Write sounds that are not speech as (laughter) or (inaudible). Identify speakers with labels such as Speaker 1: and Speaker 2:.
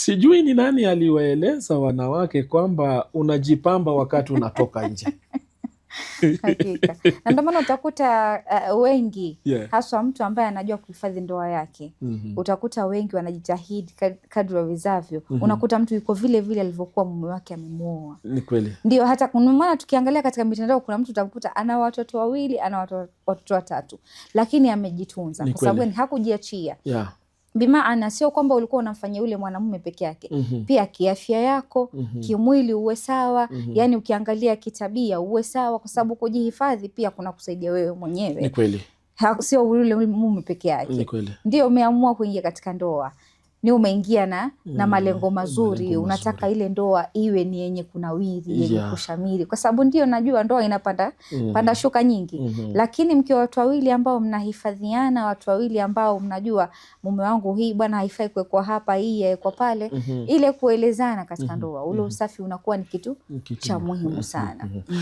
Speaker 1: Sijui ni nani aliwaeleza wanawake kwamba unajipamba wakati unatoka nje. (laughs)
Speaker 2: na ndio maana utakuta uh, wengi yeah, haswa mtu ambaye anajua kuhifadhi ndoa yake mm -hmm. Utakuta wengi wanajitahidi kadri wawezavyo mm -hmm. Unakuta mtu yuko vile vile alivyokuwa mume wake amemwoa Ni kweli, ndio hata maana tukiangalia katika mitandao kuna mtu utakuta ana watoto wawili, ana watoto watatu, lakini amejitunza kwa sababu hakujiachia, yeah bimaana sio kwamba ulikuwa unamfanyia yule mwanamume peke yake mm -hmm. Pia kiafya yako mm -hmm. kimwili uwe sawa mm -hmm. Yani ukiangalia kitabia uwe sawa, kwa sababu kujihifadhi pia kuna kusaidia wewe mwenyewe. Ni kweli, sio yule mume peke yake. Ndio umeamua kuingia katika ndoa ni umeingia na, mm, na malengo mazuri, malengo unataka Ile ndoa iwe ni yenye kunawiri yenye yeah. kushamiri, kwa sababu ndio najua ndoa inapanda mm. panda shuka nyingi mm -hmm. Lakini mkiwa watu wawili ambao mnahifadhiana, watu wawili ambao mnajua mume wangu hii bwana haifai kuwekwa hapa, hii yawekwa pale mm -hmm. ile kuelezana katika mm -hmm. ndoa, ule mm-hmm. usafi unakuwa ni kitu cha muhimu sana mm -hmm.